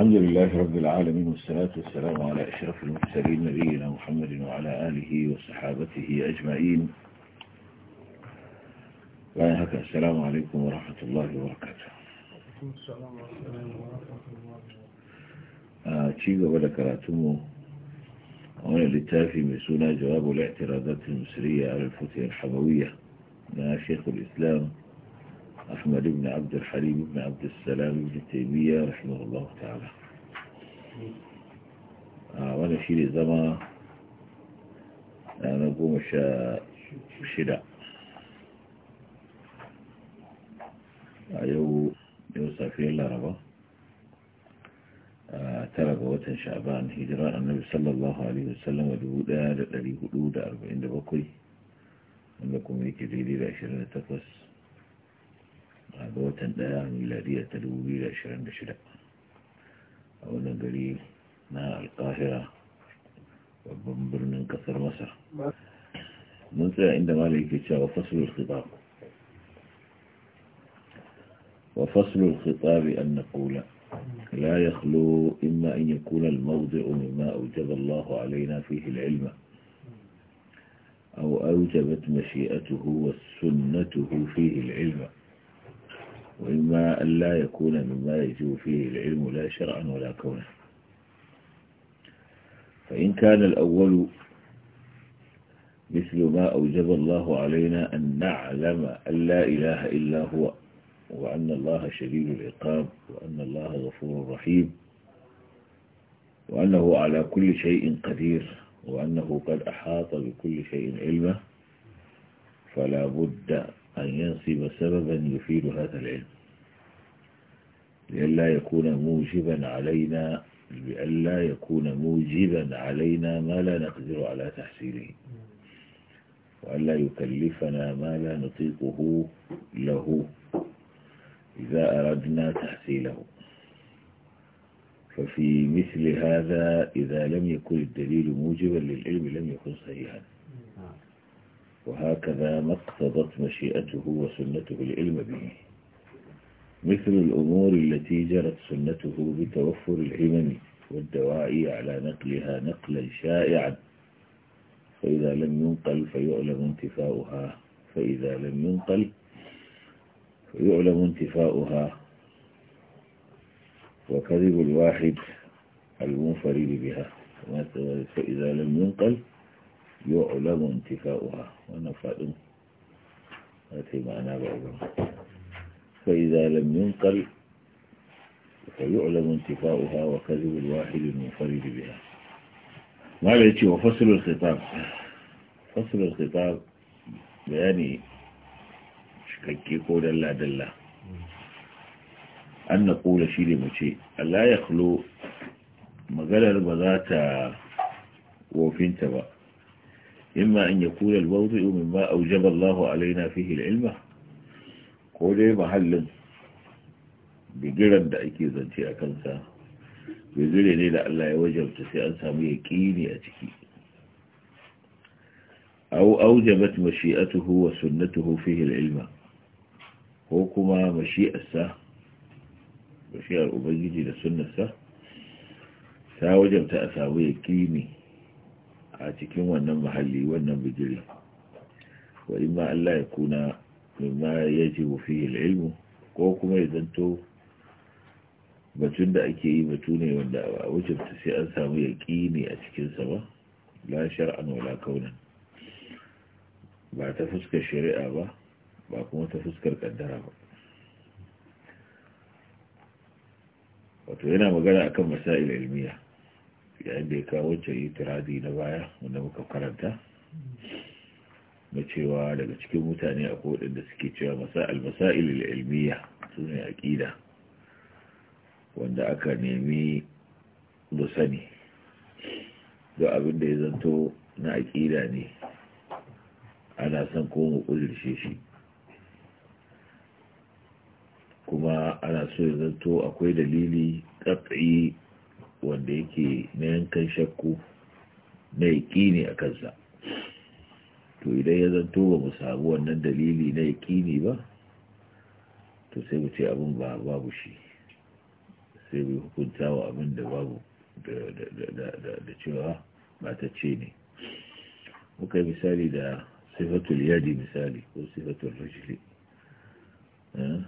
الحمد لله رب العالمين والصلاة والسلام على إشرف المرسلين نبينا محمد وعلى آله وصحابته أجمعين وعليك السلام عليكم ورحمة الله وبركاته آه، شيء قبل كراتمه هنا للتافي مسونا جواب الاعتراضات المصرية على الفتح الحموية مع شيخ الإسلام أحمد بن عبد الحليم بن عبد السلام بن تيمية رحمه الله تعالى آه، وانا في زمان آه، أنا أقوم شداء أيو آه، يوسف الله ربا ترق وطن شعبان هجراء النبي صلى الله عليه وسلم ودودا لدي هدودا عند بقري عندكم يكي ليلة عشرين تقوس أبوتن دا ميلادية تلوبي الخطاب وفصل الخطاب أن نقول لا يخلو إما أن يكون الموضع مما أوجب الله علينا فيه العلم أو أوجبت مشيئته وسنته فيه العلم وإما أن لا يكون مما يجب فيه العلم لا شرعا ولا كونا فإن كان الأول مثل ما أوجب الله علينا أن نعلم أن لا إله إلا هو وأن الله شديد العقاب وأن الله غفور رحيم وأنه على كل شيء قدير وأنه قد أحاط بكل شيء علمه فلا بد أن ينصب سببا يفيد هذا العلم لئلا يكون موجبا علينا لئلا يكون موجبا علينا ما لا نقدر على تحصيله وألا يكلفنا ما لا نطيقه له إذا أردنا تحصيله ففي مثل هذا إذا لم يكن الدليل موجبا للعلم لم يكن صحيحا نعم. وهكذا ما اقتضت مشيئته وسنته العلم به مثل الأمور التي جرت سنته بتوفر الهمم والدواعي على نقلها نقلا شائعا فإذا لم ينقل فيعلم انتفاؤها فإذا لم ينقل فيعلم انتفاؤها وكذب الواحد المنفرد بها فإذا لم ينقل يعلم انتفاؤها ونفاء هذه معنى بعضها فإذا لم ينقل فيعلم انتفاؤها وكذب الواحد المنفرد بها ما لقيتي وفصل الخطاب فصل الخطاب يعني شككي قول الله دلة أن نقول شيء مشي لا يخلو maganar البذات وفين تبقى إما أن يكون الموضع مما أوجب الله علينا فيه العلم كوني محل بجرد أكي ذنتي أكنسا بذلني لألا يوجب تسأنسا ميكيني أتكي أو أوجبت مشيئته وسنته فيه العلم هوكما مشيئة سا مشيئة الأبيجي لسنة سا ساوجب تأسا ميكيني a cikin wannan mahalli wannan bijiri wa imma Allah ya kuna mimma ya fihi al-ilmu ko kuma ya zanto batun da ake yi batu ne wanda a wucin sai an samu ne a cikin sa ba la shar'an wala kaunan ba ta fuskar shari'a ba ba kuma ta fuskar kaddara ba wato yana magana akan masail ilmiya yayin da ya kawo ce na baya wanda muka karanta na cewa daga cikin mutane a kodin da suke cewa masa'il masa'il ilmiya su ne aƙida wanda aka nemi da sani da abin da ya zanto na aƙida ne ana son komo mu ƙudurce shi kuma ana so ya zanto akwai dalili ƙatsayi wanda yake na yankan shakku na yaƙini a kansa to idan ya zanto ba mu samu wannan dalili na yaƙini ba to sai wuce abin ba babu shi sai mu hukunta wa abin da babu da cewa ba ta ce ne muka yi misali da sifatul yadi misali ko sifatul rajuli eh?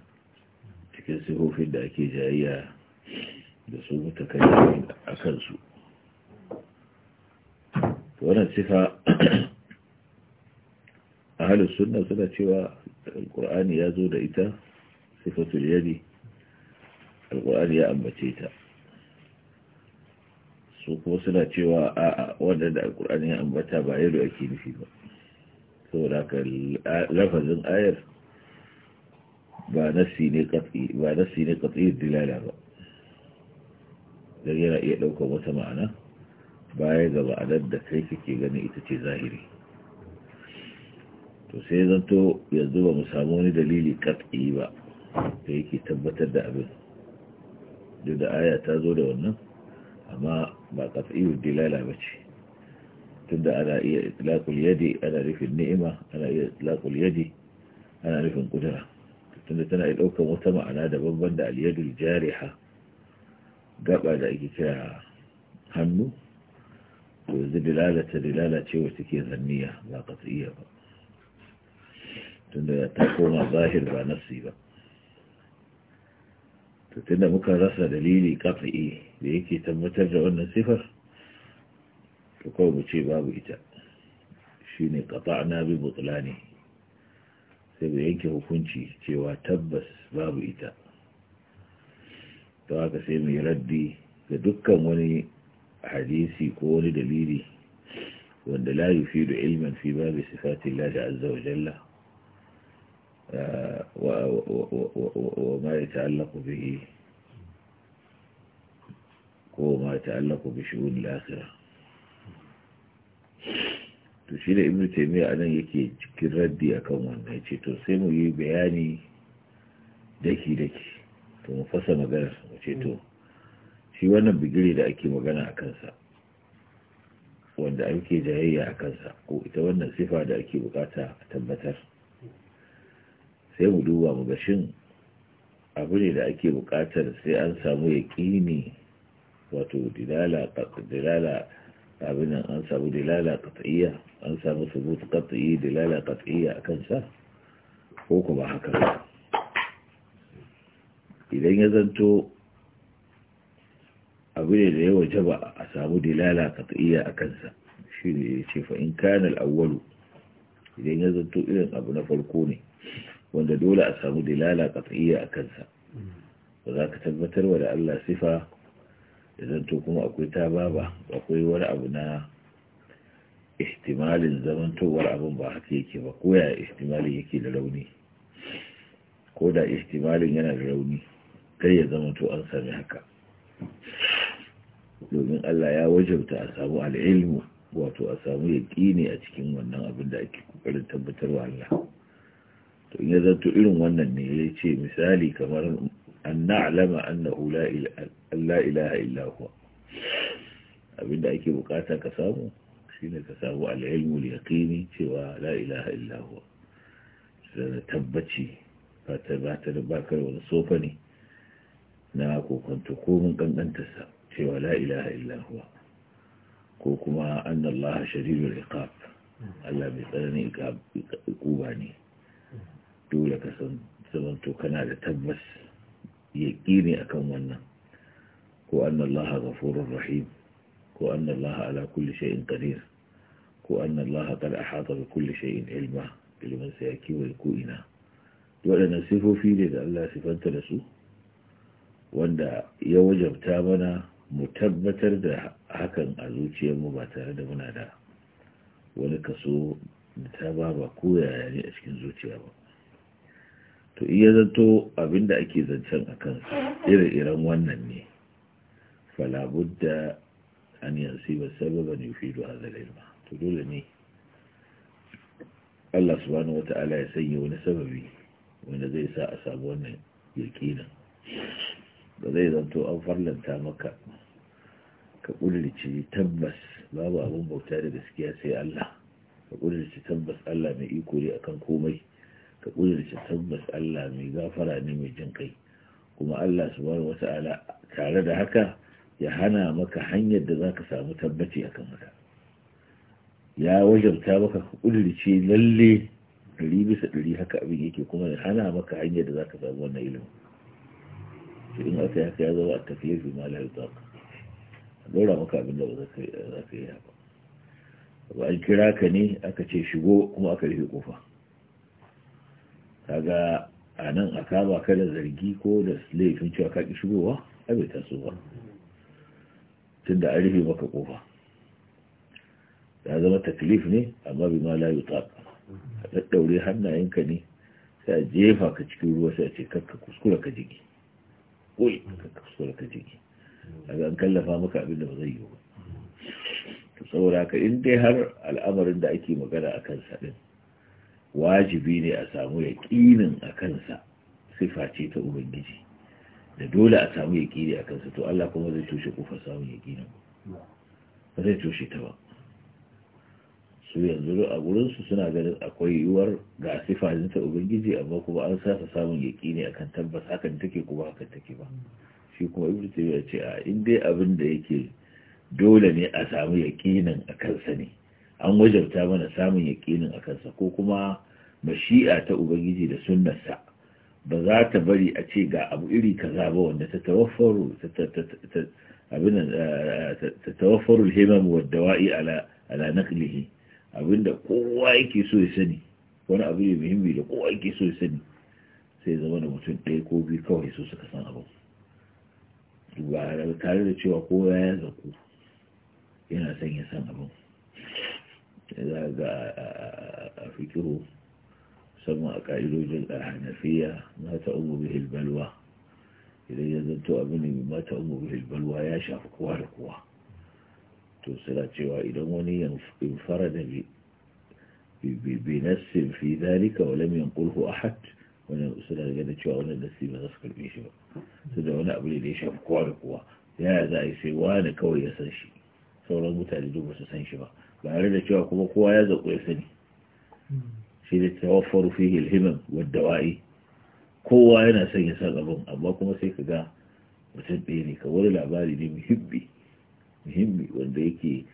cikin sifofin da ake jayayya da su muka kai a kansu wannan sifa a halin suna suna cewa alƙur'ani ya zo da ita sifatul yadi alƙur'ani ya ambace ta su kuma suna cewa a wanda da alkur'ani ya ambata ba yadda ake nufi ba saboda haka lafazin ayar ba nasi ne katsi dilala ba don yana iya ɗaukar wata ma'ana baya ga ma'anar da kai kake gani ita ce zahiri to sai zanto yanzu ba mu samu wani dalili kat'i ba da yake tabbatar da abin duk da aya ta zo da wannan amma ba kat'i dilala ba ce tunda ana iya itlaqul yadi ana rufin ni'ima ana iya itlaqul yadi ana rufin ƙudura, kudura da tana iya ɗaukar wata ma'ana daban-ban da al-yadul jariha gaba da ake kira hannu to yanzu dilalata dilala ce wacce ke zanniya ba iya ba tunda ta koma zahir ba nasi ba to tunda muka rasa dalili kafa'i da yake tabbatar da wannan sifar to kawai mu ce babu ita shine na bi butlani sai da yanke hukunci cewa tabbas babu ita to haka sai mai raddi ga dukkan wani hadisi ko wani dalili wanda la yufidu ilman fi babu sifati Allah azza wa jalla uh, wa ma yata'allaqu bihi ko ma ta'allaqu bi shu'un al-akhirah to shi da ibnu taymiya anan yake cikin raddi akan wannan yace to sai mu yi bayani daki daki to mu fasa magana mu ce to shi wannan bigire da ake magana a kansa wanda ake jayayya a kansa ko ita wannan sifa da ake bukata a tabbatar sai mu duba mu ga abu ne da ake bukatar sai an samu kini wato dilala abinan an samu dilala qat'iyya an samu subut qat'i dilala qat'iyya a kansa? ko kuma haka idan ya zanto abu ne da ya waje ba a samu ta iya a kansa shi ne ya ce fa in kana idan ya zanto irin abu na farko ne wanda dole a samu ta iya a kansa ba za ka tabbatar wa da Allah sifa ya zanto kuma akwai tababa akwai wani abu na ihtimalin zamantowar abin ba haka yake ba ko ya ihtimalin yake da rauni ko da ihtimalin yana da rauni kai ya zama to an sami haka domin Allah ya wajabta a samu al'ilmu wato a samu yaƙini a cikin wannan abin da ake ƙoƙarin tabbatarwa Allah to ya zanto irin wannan ne ya ce misali kamar an na'lama annahu la ilaha illahuwa abin da ake bukata ka samu shi ne ka samu al'ilmu ya yaqini cewa la ilaha illahuwa huwa tabbaci ba ta ba ta da bakar wani sofa ne na kokonto ko mun kankantarsa cewa la ilaha illa huwa ko kuma anna Allah shadidul iqab Allah bai tsanani iqaba ne dole ka san zamanto kana da tabbas yaqini akan wannan ko anna Allah ghafurur rahim ko anna Allah ala kulli shay'in qadir ko anna Allah qad ahata bi kulli shay'in ilma ilmin sa yake wa ko ina waɗannan sifofi ne da Allah sifanta da su wanda ya wajabta mana mu tabbatar da hakan a zuciyarmu ba tare da muna da wani kaso da ta ba ba yaya ne a cikin zuciya ba to iya zato abinda ake zancen a kansa ire-iren wannan ne falabudda an yansu ba sababa ne fi duwa to dole ne Allah subhanahu wa ta'ala ya sanya wani sababi wanda zai sa a samu wannan yakinin ba zai zanto an farlanta maka ka ƙudurci tabbas babu abin bauta da gaskiya sai Allah ka ƙudurci tabbas Allah mai iko ne akan komai ka ƙudurci tabbas Allah mai gafara ne mai jin kai kuma Allah su subhanahu ala tare da haka ya hana maka hanyar da ka samu tabbaci akan maka. ya wajabta maka ka ƙudurce lalle ɗari bisa ɗari haka abin yake kuma ya hana maka hanyar da zaka samu wannan ilimin shi in aka yi haka ya zama a taklifi ma la A dora maka abin da ba za ka yi haka ba an kira ka ne aka ce shigo kuma aka rufe kofa kaga a nan a kama ka da zargi ko da laifin cewa ka ki shigowa a bai taso ba tun da an rufe maka kofa ya zama taklif ne amma bi ma la ka a daddaure hannayenka ne sai a jefa ka cikin ruwa sai a ce kakka kuskura ka jigi kul ka ka jiki ga an kallafa maka abin da ba zai yi ba to saboda ka in dai har al'amarin da ake magana a kansa din wajibi ne a samu yaƙinin a kansa sifa ce ta ubangiji da dole a samu yaƙini a kansa to Allah kuma zai toshe kofar samun yaƙinin ba zai toshe ta ba su yanzu a su suna ganin akwai yiwuwar ga sifajin ta ubangiji amma kuma an sasa samun yaki ne akan tabbas hakan take kuma hakan take ba shi kuma ibnu taymiya ce a in dai abin da yake dole ne a samu yakinin a kansa ne an wajabta mana samun yakinin a kansa ko kuma mashi'a ta ubangiji da sunnarsa ba za ta bari a ce ga abu iri kaza ba wanda ta tawaffaru ta eh, tawaffaru himam wa dawai ala ala naqlihi abinda kowa yake so ya sani wani abu ne muhimmi da kowa yake so ya sani sai zama da mutum ɗaya ko biyu kawai so suka san abu ba tare da cewa kowa ya zaku yana son ya san abin za ga a fikiru musamman a ƙa'idojin a mata na ta umu bi hilbalwa idan ya zanto abu ne mata umu bi hilbalwa ya shafi kowa da kowa to suna cewa idan wani infara da bi nassin fi zalika wa lam yanqulhu ahad wani suna daga da cewa wannan nassi ba za su karbe shi ba saboda wani abu ne da ya shafi kowa da kowa yaya za a yi sai wani kawai ya san shi sauran mutane duk ba su san shi ba tare da cewa kuma kowa ya zaƙo ya sani shi da tawaffaru fi hilhimin wadda wa'i kowa yana son ya san abin amma kuma sai ka ga mutum ɗaya ne ka wani labari ne muhimmi muhimmi wanda yake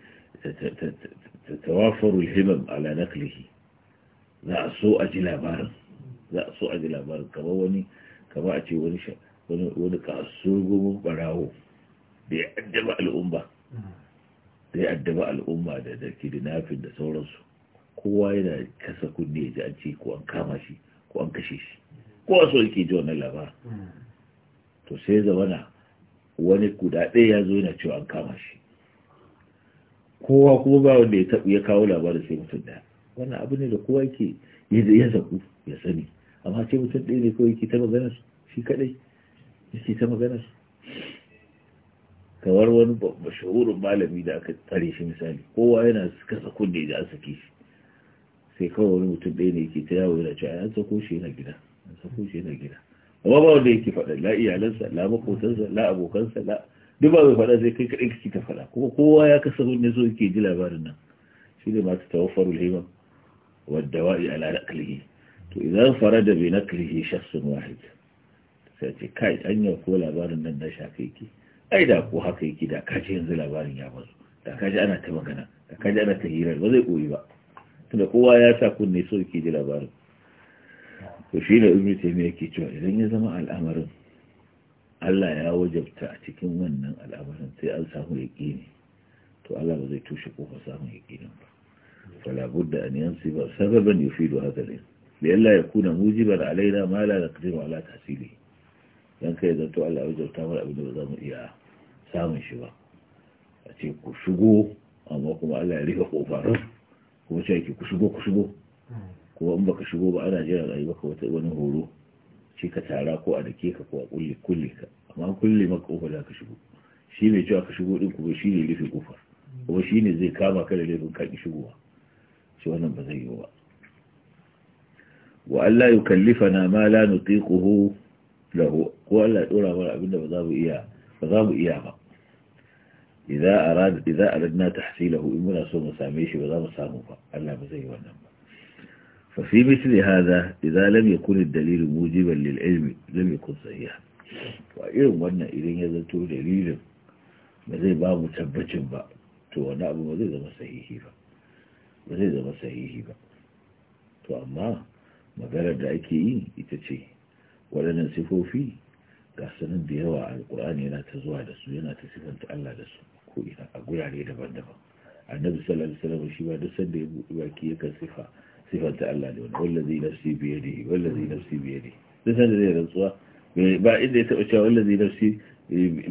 tawafarul himam ala naklihi za a so a za a so a ji labarin kamar a ce wani wani barawo da ya al'umma da ya al'umma da da kidnapping da sauransu kowa yana kasa kunne ya ji an ko an kama shi ko an kashe shi kowa so ji wannan labarin hmm. to sai zamana wani guda ɗaya ya zo yana cewa an kama shi kowa kuma ba wanda ya taɓa ya kawo labarin sai mutum ɗaya wannan abu ne da kowa yake ya zaku ya sani amma sai mutum ɗaya ne kawai yake ta su, shi kaɗai yake ta su. kamar wani mashahurin malami da aka tsare shi misali kowa yana suka kunne da ya sake shi sai kawai wani mutum ɗaya ne yake ta yawo yana cewa an sako shi yana gida an sako shi yana gida amma ba wanda yake faɗa la iyalansa la makotansa la abokansa la duk ba mai faɗa sai kai kaɗai kake ta faɗa kuma kowa ya kasa ne so yake ji labarin nan shi ne masu tawaffarul himam wadda wa'i ala naqlihi to idan fara da bai naqlihi shakhsun wahid sai ce kai anya ko labarin nan na shafe yake ai da ko haka yake da kaji yanzu labarin ya bazu da kaji ana ta magana da kaji ana ta hirar ba zai koyi ba da kowa ya sa kunne so yake ji labarin to shi ne ibn yake cewa idan ya zama al'amarin Allah ya wajabta a cikin wannan al'amarin sai an samu yaqini to Allah ba zai tushe ko samun yaqinin ba fala budda an ba sababan yufidu ya al li alla yakuna mujiban alaina ma la naqdiru ala tasili dan kai da to Allah ya wajabta mana abin da ba za mu iya samun shi ba a ce ku shigo amma kuma Allah ya rika kofar kuma sai ki ku shigo ku shigo kuma in baka shigo ba ana jiran ayi maka wata wani horo ce ka tara ko a dake ka ko a kulle kulle ka amma kulle maka kofar da ka shigo shi mai cewa ka shigo din kuma shi ne rufe kofar kuma shi ne zai kama ka da laifin ka ki shigowa shi wannan ba zai yi ba wa Allah yukallifana ma la nutiquhu lahu ko Allah ya dora mana abinda ba za mu iya ba za mu iya ba إذا أراد إذا أردنا تحصيله إن منا سوء مساميش وذا مسامه الله مزيه ونمه ففي مثل هذا إذا لم يكن الدليل موجبا للعلم لم يكن صحيحا وإن وانا إذن يزنتو دليل ما زي با tabbacin ba, to wani abu ما زي زما صحيحي با ما زي زما صحيحي با تو أما magana da ake yi ita ce waɗannan sifofi gasanin da yawa a alƙur'ani yana ta zuwa da su yana ta sifanta Allah da su ko ina a gurare daban-daban annabi sallallahu alaihi wasallam shi ba duk sanda ya buɗe baki yakan sifa sifanta Allah da wani wallazi nafsi bi yadihi wallazi nafsi bi yadihi duk sanda zai rantsuwa ba inda ya taba cewa wallazi nafsi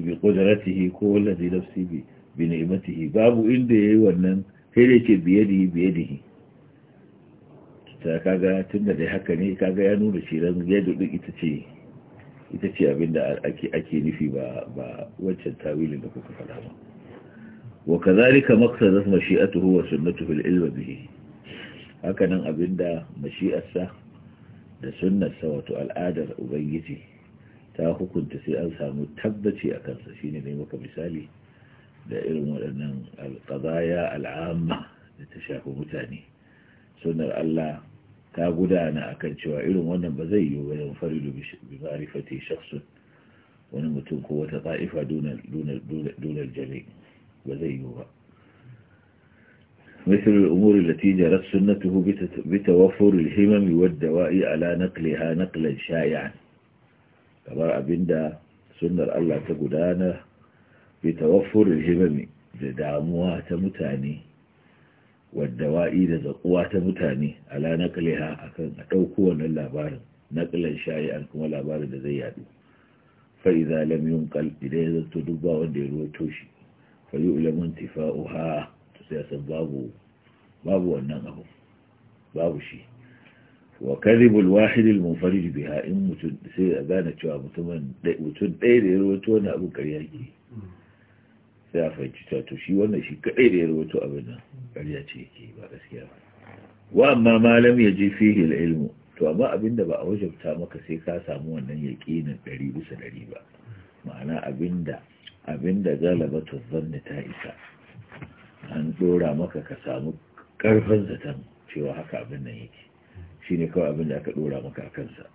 bi qudratihi ko wallazi nafsi bi bi ni'matihi babu inda yayi wannan sai dai ce bi yadihi bi yadihi ta kaga tunda dai haka ne kaga ya nuna shi ran yadda duk ita ce abinda ake nufi ba ba wancan tawilin da kuka faɗa ba وكذلك مقصد mashi'atuhu wa sunnatuhu al-ilm hakanan abinda mashi'arsa da sa wato al'adar ubangiji ta hukunta sai an samu tabbaci a kansa shine ne maka misali da irin waɗannan alƙazaya al'amma da ta shafi mutane sunar Allah ta gudana akan cewa irin wannan ba zai yi wajen faridu da ma'rifati shakhsun wani mutum ko wata ta'ifa dunar jami ba zai yi ba مثل الأمور التي جرت سنته بتوفر الهمم والدواء على نقلها نقلا شائعا كما أبندا سنة الله تقدانا بتوفر الهمم لدعموها تمتاني والدواء دزقوها تمتاني على نقلها أن الله اللابار نقلا شائعا كما لابار دزيادو فإذا لم ينقل إليه دبا وندير توشي فيؤلم انتفاؤها sai babu babu wannan abu babu shi wa kadhibul wahid al biha in mutum sai a gane cewa mutumin mutum ɗaya da ya rawaito wannan abu ƙarya yake sai a fahimci cewa to shi wannan shi kaɗai da ya rawaito abin nan ƙarya ce yake ba gaskiya ba wa amma malam ya je fihi al ilmu to amma abin da ba a wajabta maka sai ka samu wannan yaqinin 100 bisa ɗari ba ma'ana abinda abinda galaba to zanna ta isa an dora maka ka samu karfin zaton cewa haka abin nan yake shi ne kawai abin da aka dora maka a kansa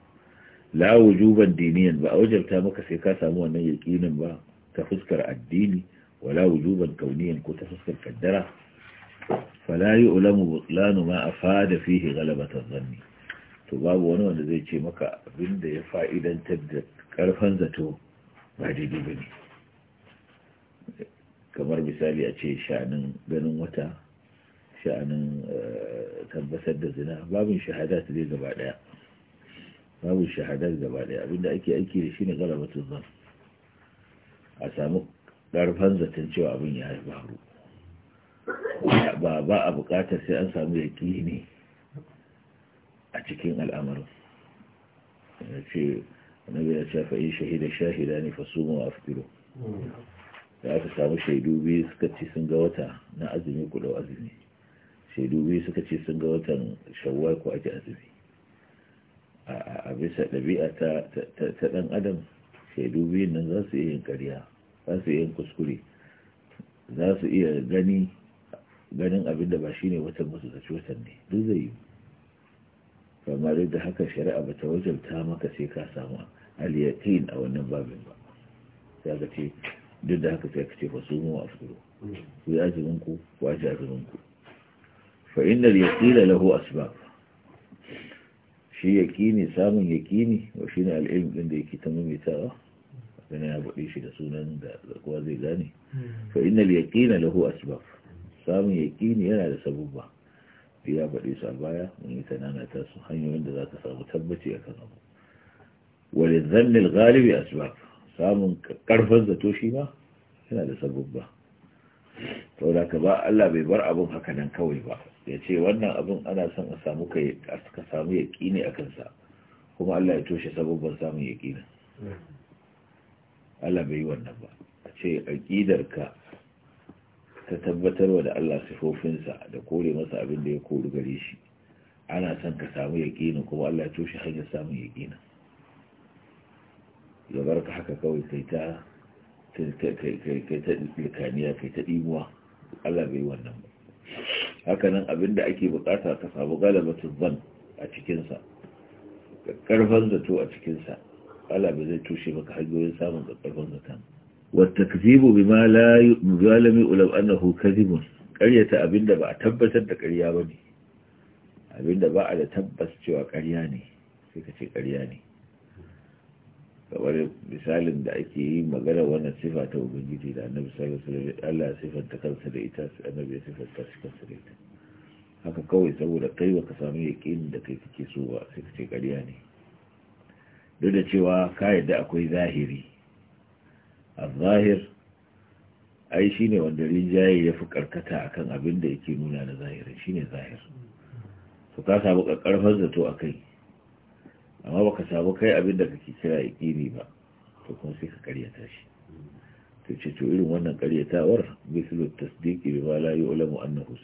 la wujuban diniyan ba a wajabta maka sai ka samu wannan yaƙinin ba ta fuskar addini wala wujuban kauniyan ko ta fuskar kaddara falayi yu'lamu lanu ma afada fihi ghalabatan zanni to babu wani wanda zai ce maka abin da ya fa'idantar da karfin zato ba daidai ba kamar misali a ce sha'anin ganin wata sha'anin eh, tabbatar da zina babin shahada su zai gaba daya babin shahada su gaba daya abinda ake aiki da shi ne galabatun zan a samu ƙarfan zaton cewa abin ya faru ba ba a buƙatar sai an samu yaƙi ne a cikin al'amarin ce na biyar shafa'i shahida shahida ne fasu ma fitiro hmm. da aka samu shaidu biyu suka ce sun ga wata na azumi ku dau azumi shaidu biyu suka ce sun ga watan shawwal ko ake azumi a bisa ɗabi'a ta ɗan adam shaidu biyun nan za su iya yin ƙarya za su iya yin kuskure za su iya gani ganin abin da ba shi ne watan musu zaci watan ne duk zai yi amma duk da haka shari'a ba ta wajabta maka sai ka samu aliyakin a wannan babin ba sai ka ce duk da haka sai ka ce fasumu wa afduru ku yi azumin ku ku aje azumin ku fa inna yaqila lahu asbab shi yaqini samun yaqini wa shine al-ilm din da yake tamamitawa dan ya bude shi da sunan da kowa zai gane fa inna yaqina lahu asbab samun yaqini yana da sabubba da ya bude su a baya mun yi tanana ta su hanyoyin da zaka samu tabbaci akan abu وللذن الغالب أسباب samun karfin zato shi ba yana da sabubba da ka ba Allah bai bar abin haka nan kawai ba ya ce wannan abin ana son a samu ka samu ne a kansa kuma Allah ya toshe sabubban samun ne Allah bai yi wannan ba a ce ka ta tabbatarwa da Allah sifofinsa da kore masa abin da ya kori gare shi ana son ka samu ne kuma Allah ya toshe hanyar samun ne ya bar ka haka kawai kai ta likaniya kai ta ɗimuwa Allah bai wannan ba hakanan abinda ake bukata ka samu galabatun zan a cikinsa karfan zato a cikinsa Allah bai zai tushe maka hanyoyin samun karfan zaton wata kazibu bi ma la yu'lamu ulam annahu kadhibun ƙaryata abinda ba a tabbatar da ƙarya bane abinda ba a da tabbas cewa ƙarya ne sai ka ce ƙarya ne kamar misalin da ake yi magana wannan sifa ta ubangiji da annabi sallallahu alaihi wasallam Allah ya sifanta kansa da ita annabi ya sifanta shi kansa da ita haka kawai saboda kai ka samu yakin da kai kake so ba sai kace ƙarya ne duk da cewa ka yadda akwai zahiri a zahir ai shine wanda rinjaye ya fi karkata akan abin da yake nuna na zahirin shine zahir to ka samu karkarfar zato akai amma baka samu kai abin da kake kira yaƙini ba to kuma sai ka karyata shi to ce to irin wannan karyatawar mislu tasdiqi ma la yu'lamu annahu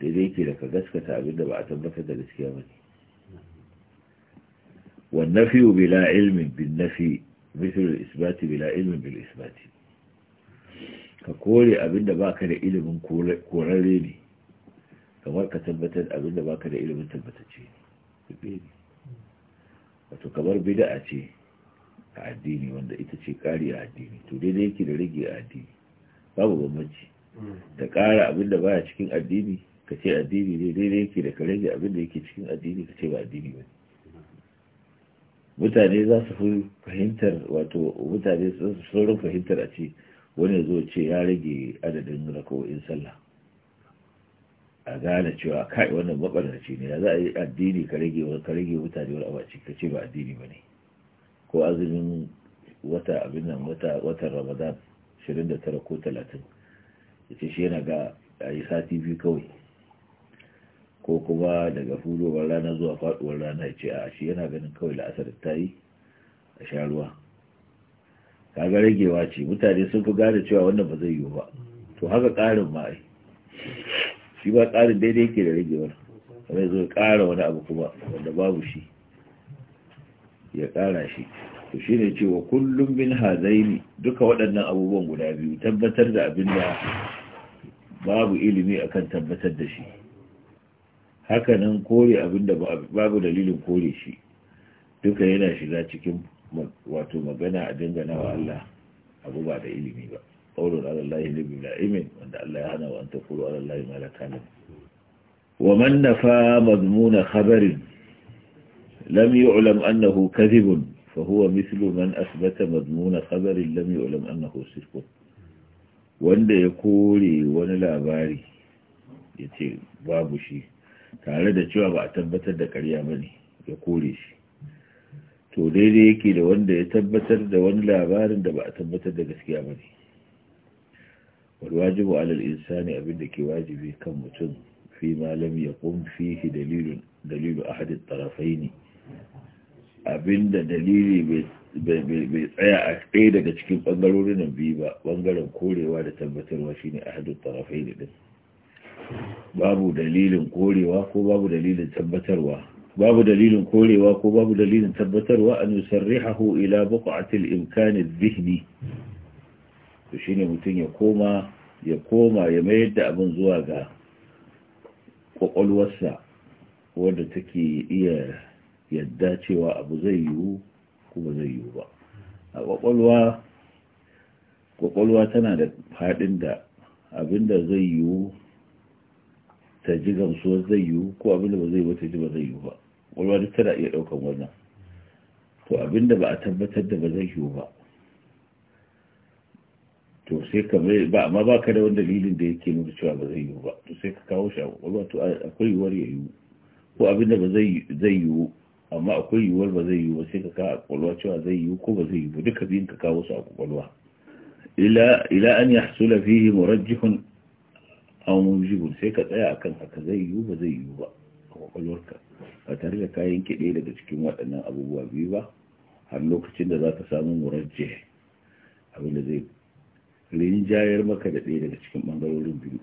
da dai ke da ka gaskata abin da ba a tabbatar da gaskiya ba ne wannan fiye bila ilmin bin nafi misalin isbati bila ilmin bil isbati ka kore abin da baka da ilimin korarre ne kamar ka tabbatar abin da baka da ilimin tabbatacce ne wato kamar bid'a ce a addini wanda ita ce kari a addini to daidai yake da rage a addini babu bambanci da kara abin da baya cikin addini ka ce addini ne daidai yake da ka rage abin da yake cikin addini ka ce ba addini ba mutane za su fi fahimtar wato mutane fahimtar a ce wani zo ce ya rage adadin in sallah a gane cewa kai wannan mabarnaci ne za a yi addini ka rage ka rage mutane wani abaci ka ce ba addini ba ne ko azumin wata abin nan wata watan ramadan 29 ko 30 ya ce shi yana ga a yi sati biyu kawai ko kuma daga fulowar rana zuwa faduwar rana ya ce a shi yana ganin kawai la'asar ta yi a sha ruwa kaga ragewa ce mutane sun fi gane cewa wannan ba zai yiwu ba to haka ƙarin ma'ai shi ba tsarin daidai yake da ragewar wani zo kara wani abu kuma wanda babu shi ya kara shi to shine cewa kullum bin hazaini duka waɗannan abubuwan guda biyu tabbatar da abin da babu ilimi akan tabbatar da shi Haka nan kore abin da babu dalilin kore shi duka yana shiga cikin wato magana a dangana wa Allah abu ba da ilimi ba قول على الله لبن la'imin wanda Allah ya hana تقول على الله ما allahi ma ومن نفى wa خبر لم يعلم أنه lam فهو annahu من أثبت مضمون خبر لم يعلم أنه khabarin وأن يقول وأن لا wanda ya kore wani labari ya ce babu shi tare da cewa ba a tabbatar da karya ba ne ya kore shi to daidai yake da wanda ya tabbatar da wani labarin da ba a tabbatar da gaskiya ba ne والواجب على الإنسان أبنك واجبي كم متن فيما لم يقوم فيه دليل دليل أحد الطرفين أبن دليلي bai tsaya a ɗaya daga cikin ɓangarorin nan biyu ba ɓangaren korewa da tabbatarwa shi ne a hadu babu dalilin korewa ko babu dalilin tabbatarwa babu dalilin korewa ko babu dalilin tabbatarwa an yusarrihahu ila buqatil imkani dhihni to shine mutum ya koma ya koma ya mayar da abin zuwa ga kwakwalwarsa wadda take iya yadda cewa abu zai yiwu kuma zai yiwu ba a kwakwalwa kwakwalwa tana da faɗin da abinda zai yiwu ta ji gamsuwar zai yiwu ko abinda ba zai wata ji ba zai yiwu ba kwakwalwa duk tana iya ɗaukan wannan to abinda ba a tabbatar da ba zai yiwu ba to sai ka mai ba amma ba ka da wani dalilin da yake nuna cewa ba zai yiwu ba to sai ka kawo shi a kwakwalwa to akwai yiwuwar ya yiwu ko abin da ba zai yiwu amma akwai yiwuwar ba zai yiwu ba sai ka kawo a kwakwalwa cewa zai yiwu ko ba zai yiwu duka biyun ka kawo su a kwakwalwa ila an ya hasula fihi murajjihun aw mujibun sai ka tsaya akan haka zai yiwu ba zai yiwu ba a kwakwalwarka ba tare da kayan kiɗe daga cikin waɗannan abubuwa biyu ba har lokacin da za ka samu murajjih abin da zai rinjayar maka da ɗaya daga cikin ɓangarorin biyu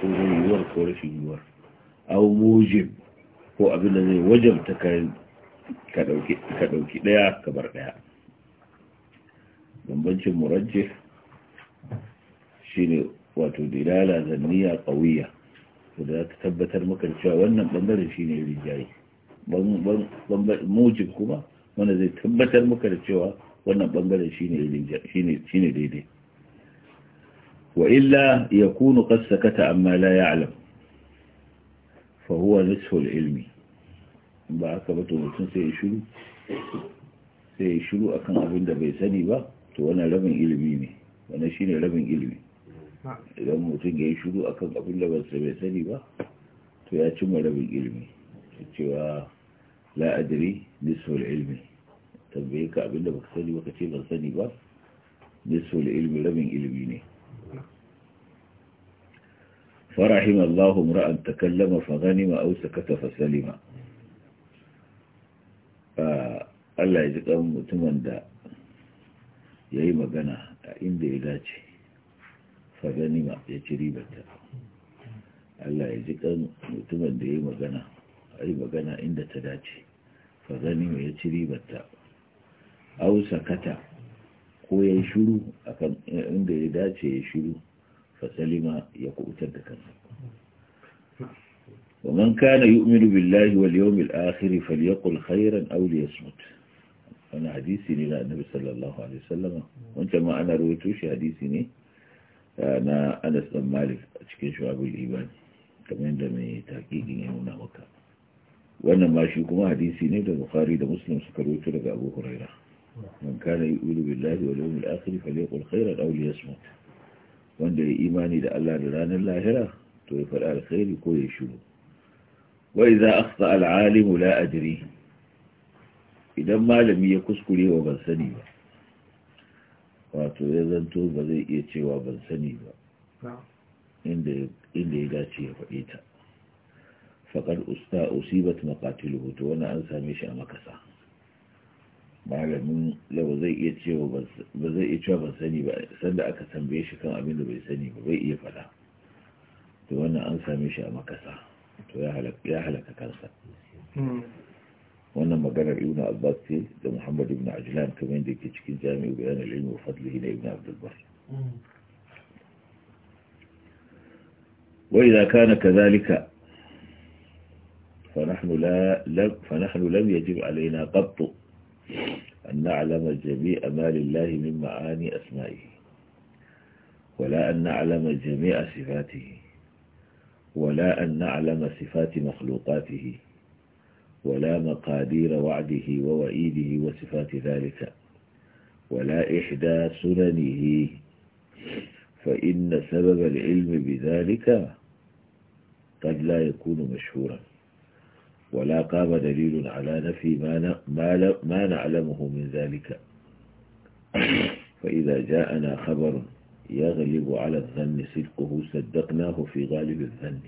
ko zai yiwuwar ko rashin yiwuwar au mujib ko abin da zai wajabta ka ɗauki ɗaya ka bar ɗaya bambancin murajje shine wato dilala zanniya ƙauya da ta tabbatar maka cewa wannan ɓangaren shine rinjaye mujib kuma wanda zai tabbatar maka da cewa wannan bangaren shine daidai wa illa yakunu qad sakata amma la ya'lam fa huwa nisful ilmi ba ba to mutum sai ya shiru sai ya shiru akan abin da bai sani ba to wannan rabin ilimi ne wannan shine rabin ilimi idan mutum ya yi shiru akan abin da bai sani ba to ya cimma rabin ilimi cewa la adri nisful ilmi tambaye ka abin da baka sani ba ka ce ban sani ba nisful ilmi rabin ilimi ne فرحم الله امرأ تكلم فغنم أو سكت فسلم الله يجب أن متمن دا يأي مغنى إن دي إلاجي فغنم يتريبة الله يجب أن متمن دا يأي مغنى أي مغنى إن دا تداجي فغنم يتريبة أو سكت ko ya yi shuru akan inda ya dace ya shuru فسلم يقوت kubutar ومن كان يؤمن بالله واليوم الآخر فليقل خيرا أو ليصمت أنا حديثي لنا النبي صلى الله عليه وسلم وانت ما أنا رويتوش حديثي ني أنا أنس بن مالك أتكين شعب الإيمان كمين دمي تحقيقين هنا وكا وانا ما شيكما حديثي ني ده بخاري مسلم سكرويتو لك أبو هريرة من كان يؤمن بالله واليوم الآخر فليقل خيرا أو ليصمت wanda ya imani da Allah da ranar lahira to ya faɗi alkhairi ko ya shiru wa idza akhta al-alim la adri idan malami ya kuskure wa ban sani ba wato ya zanto ba zai iya cewa ban sani ba inda inda ya dace ya faɗe ta faqad usta usibat maqatiluhu to wannan an same shi a makasa malamin lau zai iya cewa ba zai iya cewa ban sani ba sanda aka tambaye shi kan abin da bai sani ba bai iya fada to wannan an same shi a makasa to ya halaka kansa wannan maganar ibn abbas ce da muhammad ibn ajlan kamar yadda yake cikin jami'u bayan al-ilm wa fadlihi na ibn abdul bar wa idza kana kadhalika فنحن لا لم فنحن لم يجب علينا قط أن نعلم جميع ما لله من معاني أسمائه ولا أن نعلم جميع صفاته ولا أن نعلم صفات مخلوقاته ولا مقادير وعده ووعيده وصفات ذلك ولا إحدى سننه فإن سبب العلم بذلك قد لا يكون مشهورا ولا قام دليل على نفي ما, ما نعلمه من ذلك فإذا جاءنا خبر يغلب على الظن صدقه صدقناه في غالب الظن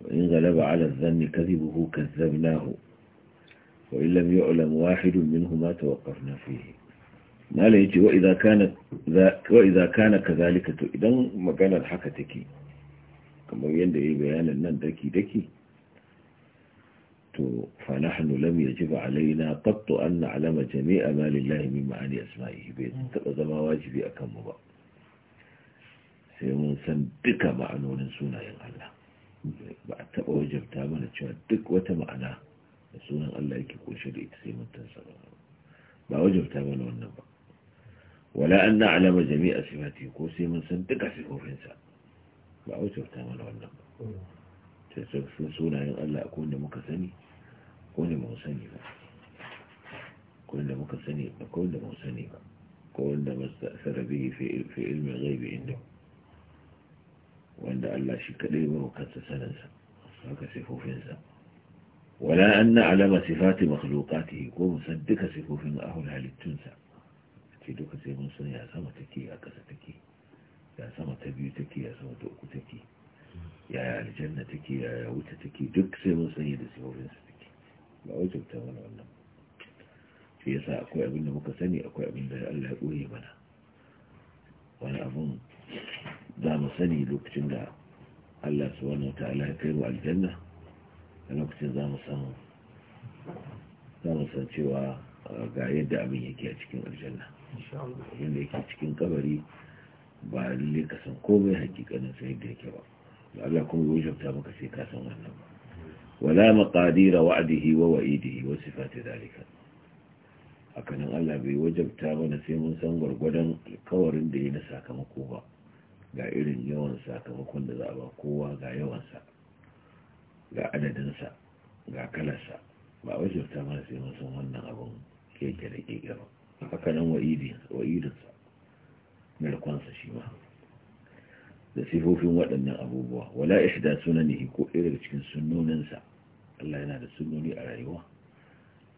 وإن غلب على الظن كذبه كذبناه وإن لم يعلم واحد منهما توقفنا فيه ما ليجي وإذا كان, وإذا كان كذلك إذن كان حكتك كما يندعي بيانا نندكي دكي فنحن لم يجب علينا قط أن نعلم جميع ما لله من معاني أسمائه بيت ما واجبي أكم مضى سيمون سن معنون سونا يا الله بعد تأوجب تامل دك وتمعنا سونا الله يكي كل سيمون تنسل ما وجب تامنا ونبا ولا أن نعلم جميع صفاته يقول سيمون سن دك سيكون في إنسان ما وجب تامنا ونبا تسوسونا يا الله أكون مكثني akwai da ba sani ba akwai da muka sani akwai da ba sani ba akwai da masta'asara bihi fi ilmin bi inda wanda Allah shi kadai ba kansa sanansa haka sifofinsa wala an na na'lama sifati makhluqatihi ko musaddika sifofin ahul halittunsa ce duka sai mun san ya sama take ya kasa take ya sama ta biyu take ya sama ta uku take ya aljanna take ya wuta take duk sai mun san yadda sifofinsa ba wai kyauta wani wannan shi yasa akwai abin da muka sani akwai abin da Allah ya ɓoye mana wani abin za mu sani lokacin da Allah subhanahu ta'ala ya kai mu aljanna a lokacin za mu san za mu san cewa ga yadda abin yake a cikin aljanna yadda yake cikin kabari ba lalle ka san komai hakikanin sai yadda yake ba Allah kuma ya wajabta maka sai ka san wannan ba wala maqadira wa'dihi wa wa'idihi wa sifati dhalika hakanan Allah bai wajabta mana sai mun san gwargwadon alkawarin da ya na sakamako ba ga irin yawan sakamakon da za a ba kowa ga yawansa ga adadinsa ga kalarsa ba wajabta mana sai mun san wannan abin keke da keke ba hakanan wa'idinsa narkonsa shi ma da sifofin waɗannan abubuwa wala ihda sunanihi ko irin cikin sunnoninsa Allah yana da sunnoni a rayuwa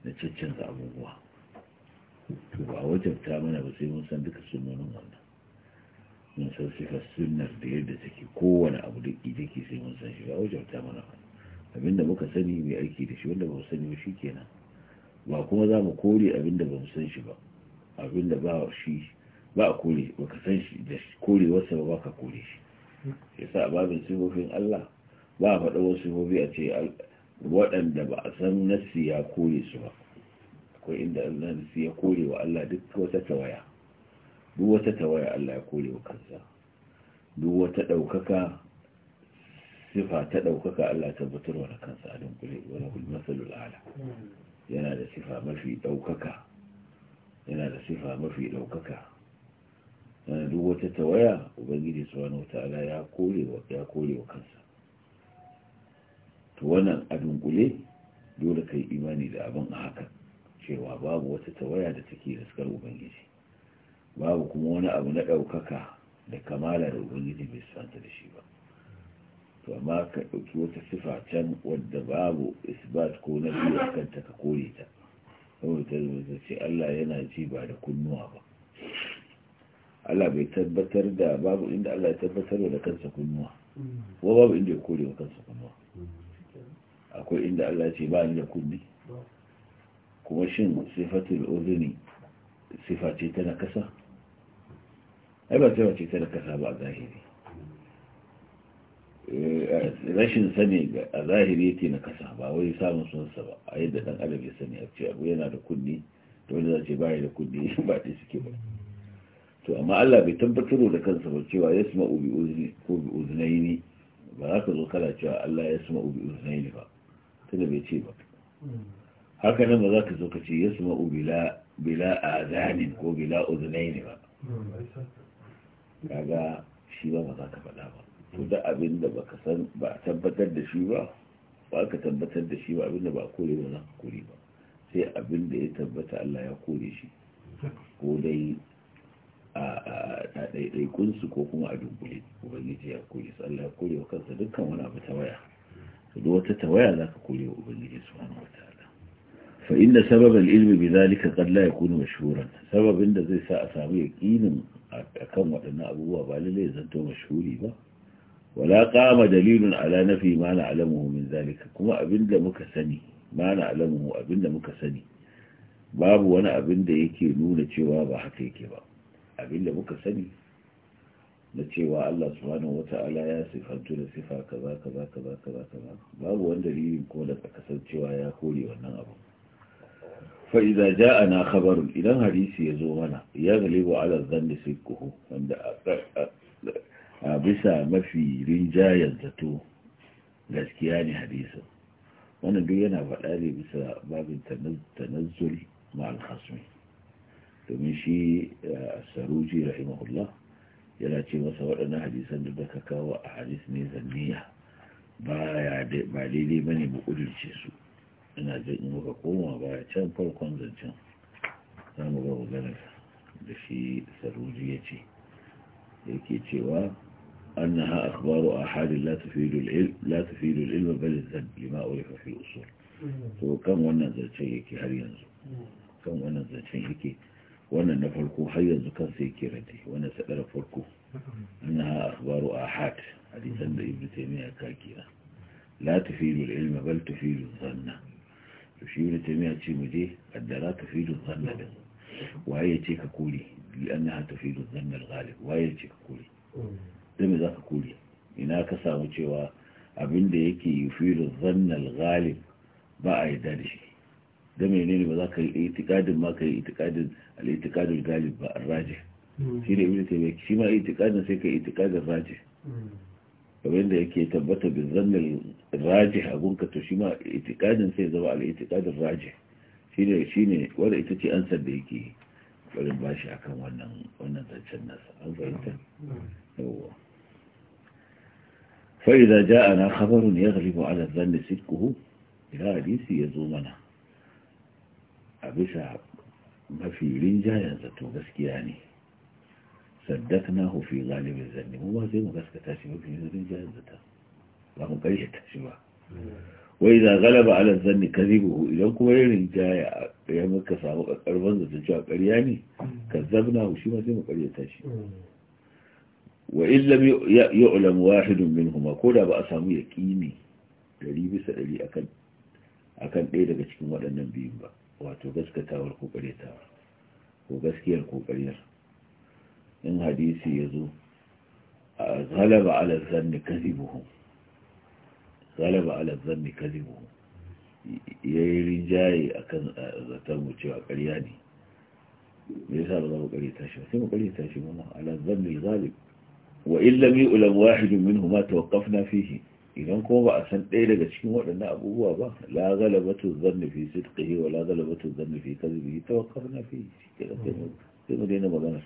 da caccansa abubuwa to ba wajen ta mana ba sai mun san duka sunnonin wannan mun san sifar sunnar da yadda take kowane abu da ita take sai mun san shi ba wajen ta mana ba abinda muka sani mai aiki da shi wanda ba mu sani ba shi kenan ba kuma za mu kore abinda ba mu san shi ba abinda ba shi ba a kore ba ka san shi da wasu ba ka kore shi ya sa babin sifofin Allah ba a faɗa wasu sifofi a ce waɗanda ba a san nasi ya kore su ba akwai inda Allah nasi ya kore wa Allah duk wata tawaya duk wata tawaya Allah ya kore wa kansa duk wata ɗaukaka sifa ta ɗaukaka Allah tabbatar wa kansa a dunkule wani hulmasalul ala yana da sifa mafi ɗaukaka yana da sifa mafi ɗaukaka sana eh, duk wata tawaya ubangiji subhanahu wataala ya kore wa ya kore wa kansa to wannan a dunkule dole kai imani da abin a haka cewa babu wata tawaya da take riskar ubangiji babu kuma wani abu na ɗaukaka da kamala da ubangiji bai santa da shi ba to amma ka ɗauki wata sifa can wadda babu isbat ko na biyu kanta ka kore ta saboda ta ce Allah yana ji ba da kunnuwa ba Allah bai tabbatar da babu inda Allah ya tabbatar da kansa kunnuwa ko babu inda ya kore wa kansa kunnuwa akwai inda Allah ya ce ba ni da kunni kuma shin sifatul uzuni sifa ce ta kasa ai ba sifa ce ta kasa ba a zahiri eh, rashin sani a zahiri yake na kasa ba wai samun sunsa ba a yadda dan adam ya sani a ce abu yana da kunni to wanda za ce ya da kunni ba ta suke ba to amma Allah bai tabbatar da kansa ba cewa ya sama ubi uzni ko bi uznaini ba za ka zo kana cewa Allah ya sama ubi uznaini ba tunda bai ce ba haka nan ba za ka zo ka ce ya sama ubi la bila azanin ko bila uznaini ba kaga shi ba ba za ka faɗa ba to da abin da baka san ba tabbatar da shi ba ba ka tabbatar da shi ba abin da ba kore ba za ka kore ba sai abin da ya tabbata Allah ya kore shi ko dai a ɗaiɗaikunsu ko kuma a dunkule ubangiji ya kore su Allah ya kore wa kansa dukkan wani abu ta waya duk wata ta waya za ka kore wa ubangiji su wani wata ala fa inda sababin ilmi bi zalika qalla yakunu mashhuran sababin da zai sa a samu yaqinin akan waɗannan abubuwa ba lalle ya zanto mashhuri ba wala qama dalilun ala nafi ma na'lamuhu min zalika kuma abinda muka sani ma na'lamuhu abinda muka sani babu wani abin da yake nuna cewa ba haka yake ba Abin da muka sani na cewa Allah subhanahu wata'ala ya sifantu da sifa kaza kaza kaza kaza kaza babu wani dalilin ko da cewa ya kore wannan abu fa ja ja'ana khabarun idan hadisi ya zo mana ya galibu ala dhanni wanda a bisa mafi rinjayen zato gaskiya ne hadisin wannan duk yana faɗa ne bisa babin tanazzul ma khasmi domin shi eh, saruji rahimahullah yana ce masa waɗannan hadisan da baka kawo a hadis ne zanniya ba daidai ba ne maƙudurce su ina jin muka koma baya can farkon zancen za mu ga maganar da shi saruji ya ce yake cewa أنها أخبار a لا تفيد العلم لا تفيد العلم بل الذنب لما أعرف to kan wannan zancen yake har yanzu kan wannan zancen yake wannan na farko har yanzu kansa yake rade wannan sadara farko annaha akhbaru ahad hadisan da ibnu taymiya ka kira la tufidu al-ilma bal tufidu dhanna to shi ibnu taymiya ce mu je addara tufidu dhanna da waye ce ka kore li annaha tufidu dhanna al-ghalib waye ce ka kore dan me ka kore ina ka samu cewa abinda yake yufidu dhanna al-ghalib ba a yi da da menene ba za ka yi itikadin ma ka yi itikadin al-itikadul galib ba ar-rajih hmm. shi ne ibnu taymiya shi ma itikadin sai ka yi itikadin raje hmm. kamar da yake tabbata bin zannin rajih a gunka to shi ma itikadin sai zama al-itikadul rajih shi ne shi ne wanda ita ce an da yake barin bashi akan wannan wannan zancen nasa an fahimta hmm. yawwa فإذا جاءنا خبر يغلب على ya hadisi ya zo mana. a bisa mafi rinjayen zato gaskiya ne saddakna na hufi galibin zanni mu ba sai mu gaskata shi mafi rinjayen zato ba mu ta shi ba wai za galaba ala zanni kadhibuhu idan kuma ya rinjaya ya muka samu karban zato cewa karya ne zabna hu shi ma sai mu ta shi wa in lam yu'lam wahidun ko da ba a samu yaqini 100 bisa 100 akan akan ɗaya daga cikin waɗannan biyun ba wato gaskatawar ko ta, ko gaskiyar ko karyar in hadisi ya zo a zalaba ala zanni kazibuhum zalaba ala zanni kazibuhum yayi rinjaye akan zatar mu cewa karya ne me sa ba za mu karyata shi sai mu karyata shi mana ala zanni zalib wa illam yu'lam wahidun minhuma tawaqqafna fihi idan kuma ba a san ɗaya daga cikin waɗannan abubuwa ba la galabatu zanni fi sidqihi wa la galabatu zanni fi kadhibihi tawakkafna fi kada kai mu sai mu daina magana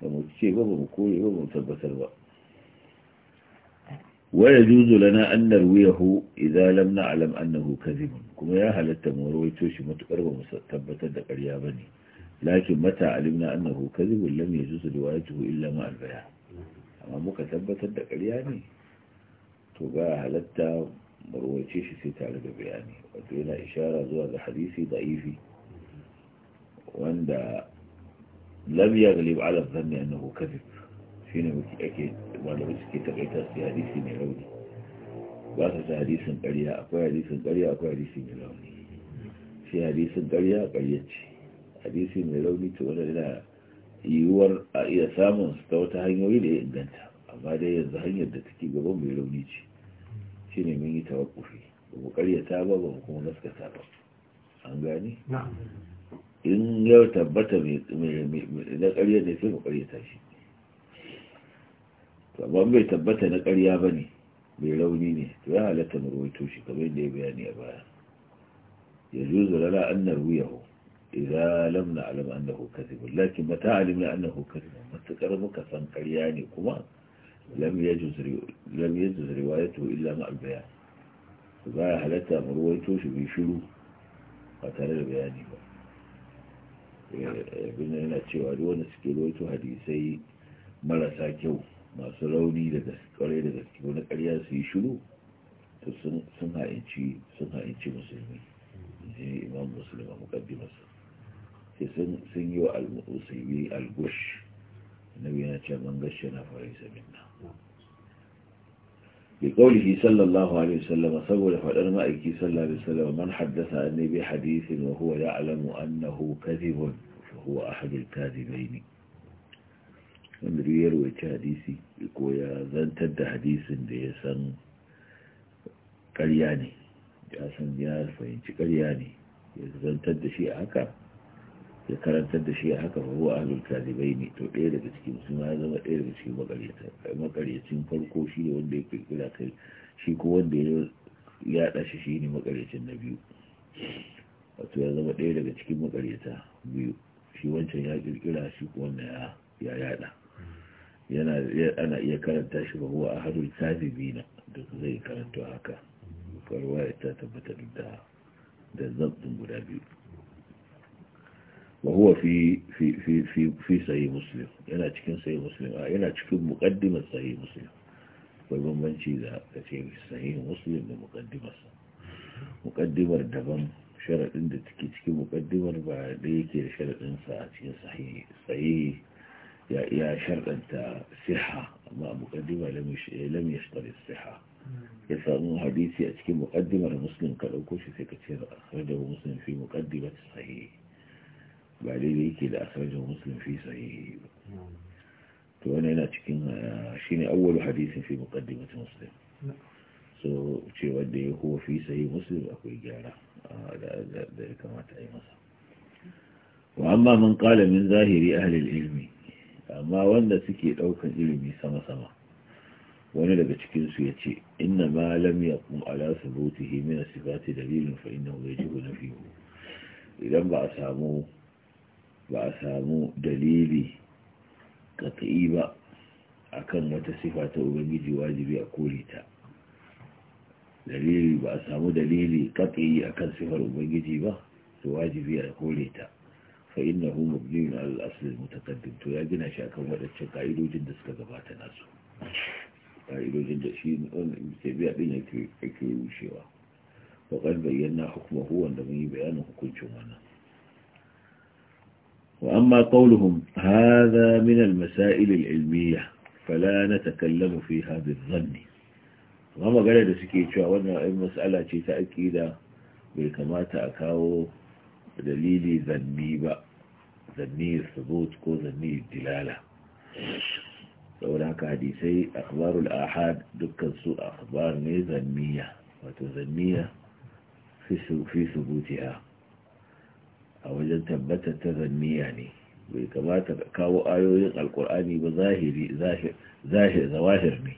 da mu ce ba mu koyi ba mu tabbatar ba wa yajuzu lana an narwiyahu idza lam na'lam annahu kadhib kuma ya halatta mu rawaito shi matukar ba mu tabbatar da ƙarya bane lakin mata alimna annahu kadhib lam yajuzu riwayatuhu illa ma al-bayan amma muka tabbatar da ƙarya ne to ba halatta marwace shi sai tare da bayani wato yana ishara zuwa ga hadisi da'ifi wanda lam zan ne dhanni annahu kadhib shine muke ake malamai suke takaita su hadisi mai rauni ba su ta hadisin karya akwai hadisin karya akwai hadisi mai rauni shi hadisin karya ƙarya ce hadisi mai rauni to wanda yana yiwuwar a iya samun su ta wata hanyoyi da ya inganta amma dai yanzu hanyar da take gaban mai rauni ce shi ne mun yi tawakufi ba mu karyata ba ba mu kuma gaskata ba an gane in yau tabbata mai na karya ne sai mu karyata shi amma bai tabbata na karya ba ne mai rauni ne to ya halatta mu rawaito shi kamar yadda ya bayani a baya ya juzu lana an ba lakin لم نعلم أنه كذب لكن ba علمنا muka san karya ne kuma. lam yajuz riwayatuhu illa ma albayan ba ya halatta mu ruwaito shi bai shiru ba tare da bayani ba abin yana cewa duk wanda suke ruwaito hadisai marasa kyau masu rauni da gaskare da gaske wani karya su yi shiru to sun ha'inci sun ha'inci musulmi ne imam musulmi a masu. sai sun yi wa al-musulmi al-gush nabi yana cewa man gashi na faraisa minna لقوله صلى الله عليه وسلم صبر فقال ما أيكي صلى الله عليه وسلم من حدث أني بحديث وهو يعلم أنه كذب فهو أحد الكاذبين wanda ya rubuta hadisi ko ya zantar da hadisin da ya san ƙarya ne ya ya fahimci karya ne ya zantar da shi a haka ya karantar da shi a haka fahu a halin kazibai ne to ɗaya daga cikin musulma ya zama ɗaya daga cikin makaryacin farko shi ne wanda ya kirkira kai shi ko wanda ya yaɗa shi shi ne makaryacin na biyu wato ya zama ɗaya daga cikin makaryata biyu shi wancan ya kirkira shi ko wanda ya yaɗa yana ana iya karanta shi fahu a halin kazibai da duk zai karanta haka karwa ya ta tabbatar da da zabtin guda biyu wa huwa fi fi fi fi fi sahih muslim yana cikin sahih muslim yana cikin muqaddimar sahih muslim akwai bambanci da kace sahih muslim da muqaddimar muqaddimar daban sharadin da take cikin muqaddimar ba da yake da sharadin sa a cikin sahih sahih ya ya sharadanta siha amma muqaddima lam lam yashtari siha ya samu hadisi a cikin muqaddimar muslim ka dauko shi sai ka ce da muslim fi muqaddimar sahih ba daidai yake da asarjin muslim fi sahihi ba to wani yana cikin ah, shine awwalu hadisin fi muqaddimat muslim so ce wanda ya huwa fi sahihi muslim akwai gyara ah, da ya kamata a yi masa wa amma man qala min zahiri ahli ilmi amma wanda suke daukan ilimi sama sama wani daga cikinsu ya ce inna ma lam yaqum ala thubutihi min sifati dalilin fa innahu yajibu nafihu idan ba a samu ba a samu dalili kat'i ba kan wata sifa ta ubangiji wajibi a kore ta dalili ba a samu dalili a kan sifar ubangiji ba su wajibi a kore ta fa innahu mabniun ala al-asl al to ya gina shi kan wadancan ka'idojin da suka gabata nasu ka'idojin da shi wannan tabi'a din yake yake rushewa Ba kan bayyana hukmuhu wanda mun yi bayanin hukuncin wannan وأما قولهم هذا من المسائل العلمية فلا نتكلم فيها بالظن وما قال هذا سكيت شو المسألة شي تأكيدة بكما تأكاو دليل ذني بقى ذني الثبوت كو ذني الدلالة هناك حديثي أخبار الآحاد دكا سوء أخبار ذنية وتذنية في ثبوتها a wajen tabbatar ta zanniya ne bai kamata ka kawo ayoyin alkur'ani ba zahiri zahir zawahir ne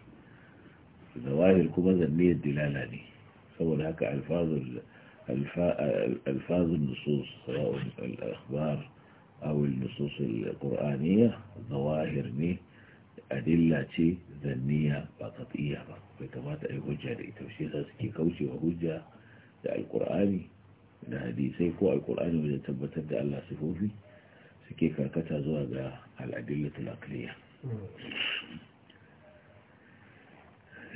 zawahir kuma zanniyar dilala ne saboda haka alfazul alfazul nusus sawa'un al-akhbar aw an-nusus al-qur'aniyya zawahir ne adilla ce zanniya ba qat'iyya ba bai kamata ai hujja da ita shi yasa suke kaucewa hujja da alkur'ani da hadisai ko alkur'ani wajen tabbatar da Allah sifofi suke karkata zuwa ga al'adillatul akliya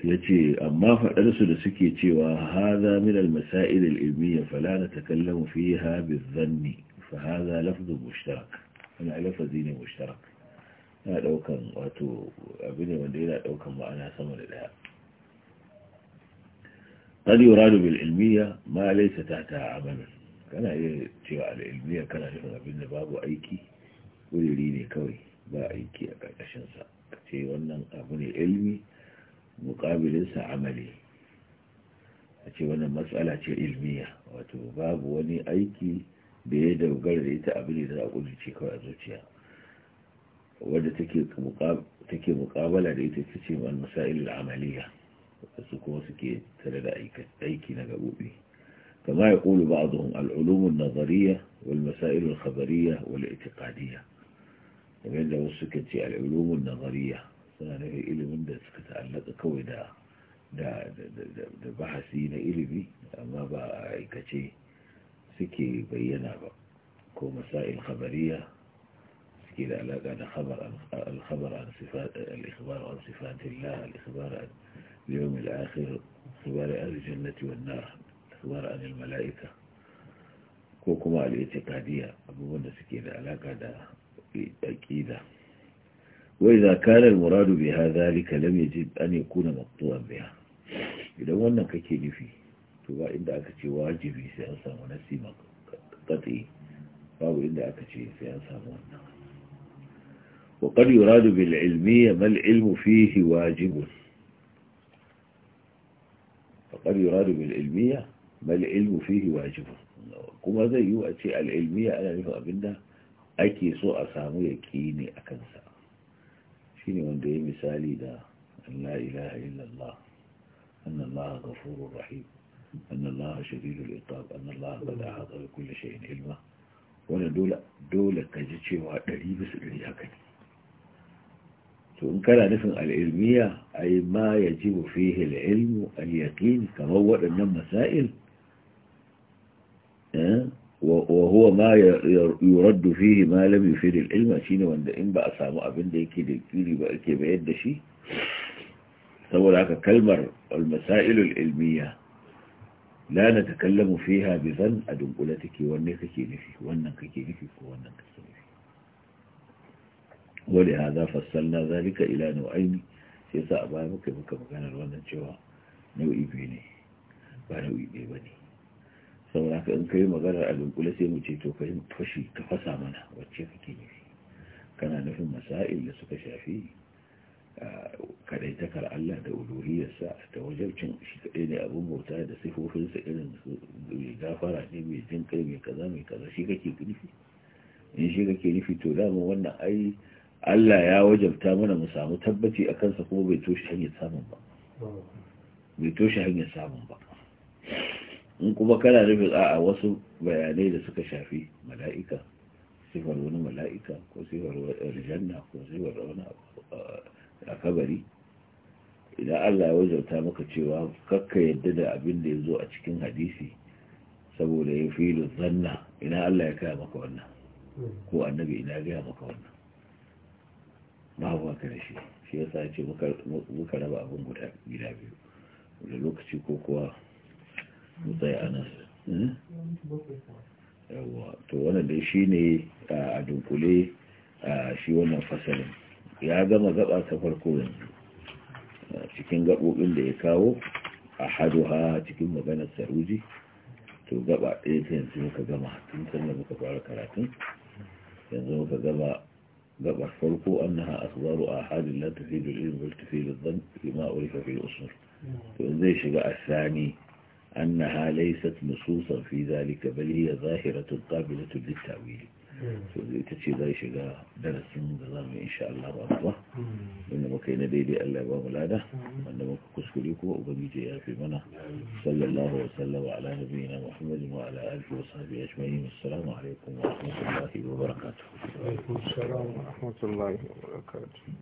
yace amma faɗarsu da suke cewa haza min al-masail al-ilmiyya fala natakallamu fiha bizanni fa haza lafzun mushtarak ana ne mushtarak yana daukan wato abu ne wanda yana daukan ma'ana sama da daya قد يراد بالعلمية ما ليس تحت عملا كان يتبع العلمية كان نفهم أبن باب أيكي ويريني كوي با أيكي أكاكشن سا كتي ونن أبني علمي مقابل سا عملي أتي ونن مسألة علمية wato babu wani aiki da ya dogara da ita abin da za a تكي مقابلة إيتا zuciya wadda take mukabala da ita ce masailul amaliya سكوسكي تلالايك تايكي نجابو به كما يقول بعضهم العلوم النظرية والمسائل الخبرية والاعتقادية ومن دعو سكتي العلوم النظرية سنعرف إلي من دعو سكتي ألد كوي دا دا دا بحثين إلي بي أما بأيك شيء سكي بينا كو مسائل خبرية سكي دا لا خبر الخبر عن صفات الإخبار عن صفات الله الإخبار عن اليوم الآخر أخبار أهل الجنة والنار أخبار أهل الملائكة كوكما الاعتقادية أبو على علاقة أكيدة وإذا كان المراد بها ذلك لم يجب أن يكون مقطوعا بها إذا وانا كيني فيه تبا إن دعك واجبي سيأسا ونسي مقطعي أو إن دعك سيأسا وانا وقد يراد بالعلمية ما العلم فيه واجب أبي غالب العلمية ما العلم فيه واجبه كما ذا يؤتي العلمية أنا نفق منها أكي سوء سامو يكيني أكنسا فيني من دي مثالي دا أن لا إله إلا الله أن الله غفور رحيم أن الله شديد الإطاب أن الله قد أعطى كل شيء علمه وأنا دولة دولة كجتشي وأدري بس إليها كنين فإن كان عرفا العلمية أي ما يجب فيه العلم اليقين كمورد من المسائل وهو ما يرد فيه ما لم يفيد العلم شين وان دئن بقى سامع بين ديكي ديكي بقى كبير دشي سوال هكا كلمر المسائل العلمية لا نتكلم فيها بذن أدنقلتك وانكك نفي وانكك نفي وانكك نفي wani haza fassalna zalika ila nau'aini sai sa a baya muka muka maganar wannan cewa nau'i biyu ne ba nau'i ɗaya ba ne saboda ka in kai maganar a dunkule sai mu ce to kai fashi ka fasa mana wacce kake nufi kana nufin masail da suka shafi kaɗaitakar Allah da uluhiyarsa da wajabcin shi kaɗai ne abin bauta da sifofinsa irin mai gafara ne mai jin kai mai kaza mai kaza shi ke nufi in shi ke nufi to dama wannan ai Allah ya wajabta mana mu samu tabbaci a kansa kuma bai toshe hanyar samun ba bai toshe hanyar samun ba in kuma kana nufin a wasu bayanai da suka shafi mala'ika sifar wani mala'ika ko sifar janna ko sifar wani eh, a kabari idan Allah ya wajabta maka cewa kakka yadda da abin da ya zo a cikin hadisi saboda ya fi zanna idan Allah ya kaya maka wannan ko annabi ina gaya maka wannan babu a da shi shi ya sa ce muka raba abin guda gida biyu da lokaci ko kuwa mutsaya a hmm? yawa to wannan da shi ne a dunkule a shi wannan fasalin ya gama gaba ta farko yanzu cikin gaɓoɓin da ya kawo a hadu ha cikin maganar saruji to gaba ɗaya ta yanzu muka gama tun sannan muka fara karatun yanzu muka gaba جبع الخلق أنها أخبار آحاد لا تفيد العلم بل تفيد الظن لما أعرف في الأصول وإذيش بقى الثاني أنها ليست نصوصا في ذلك بل هي ظاهرة قابلة للتأويل so zai ita ce za a shiga darasin da za mu insha Allah ba ba inda muka yi na daidai Allah ba mu wanda muka kuskure kuma ubangiji ya fi mana sallallahu wa sallama ala nabiyina Muhammadin wa ala alihi wa sahbihi ajma'in assalamu alaikum wa rahmatullahi wa barakatuh wa alaikum wa rahmatullahi wa barakatuh